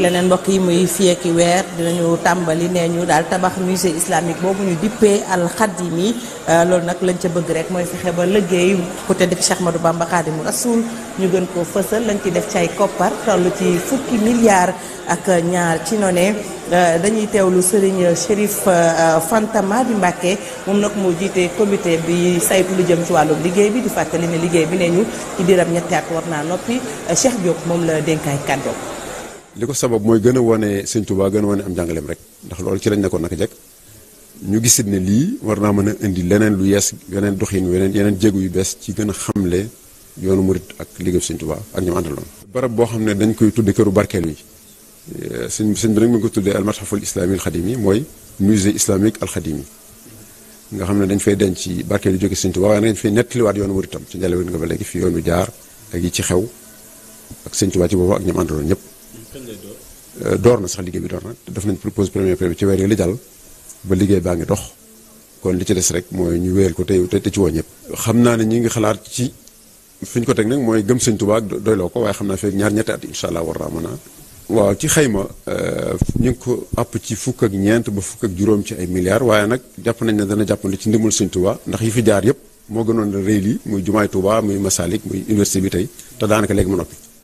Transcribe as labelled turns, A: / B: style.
A: leneen mbokk yi muy fii ak weer dinañu tàmbali nee ñu daal tabax musée islamique boobu ñu dippee Al Khadimi euh, loolu nag lañ ca bëgg rek mooy fexe ba liggéey ku tedd ki Cheikh Ahmadou Bamba ñu gën koo fësal lañ ci def ci ay koppar toll ci fukki milliards ak ñaar ci noonee euh, dañuy teewlu Serigne Chérif euh, Fantama di Mbàkke moom nag moo jiite comité bi saytu lu jëm ci wàllum liggéey bi di fàttali ne liggéey bi nee ñu ci diiram ñetti at war naa noppi Cheikh Diop moom la dénkaay kàddoom
B: liko sabab moy gëna woné wane sëñ Touba gëna woné am jàngalem rek ndax loolu ci lañ nekkoon naka jekk ñu gisit ne lii war naa mën a indi leneen lu yees yeneen doxin yeneen yeneen jéegu yu bees ci gën a xamle yoonu murit ak liggéeyu sëñ Touba ak ñu àndaloon. barab boo xam ne dañ koy tudde këru barkeel yi sëñ sëñ bi nag mi ngi ko tuddee almatxaful islami al alxadimi mooy musée islamique al alxadimi nga xam ne dañ fay denc ci barkeel yu jóge sëñ Touba waaye dañ fay nettaliwaat yoonu murit tam ci njëlbeen nga ba léegi fi yoonu jaar ak yi ci xew ak sëñ Touba ci boobu ak ñoom àndaloon ñëpp Euh, door na sax liggéey bi door na def nañ propose premier pré ci weer yi li jàll ba liggéey baa ngi dox kon li ci des rek mooy ñu wéyal ko te te ci woo ñëpp. xam naa ne ñi ngi xalaat ci fi ko teg nag mooy gëm sëñ Tuubaa doyloo ko waaye xam naa feeg ñaar ñetti at incha allah war naa mën a waaw ci xayma euh, ñu ngi ko àpp ci fukk ak ñeent ba fukk ak juróom ci ay milliards waaye nag jàpp nañ ne dana jàppandi ci ndimul sëñ Touba ndax yi fi jaar yëpp moo gënoon a rëy lii muy jumaay Touba muy Masalik muy université bi tey te daanaka léegi mu noppi.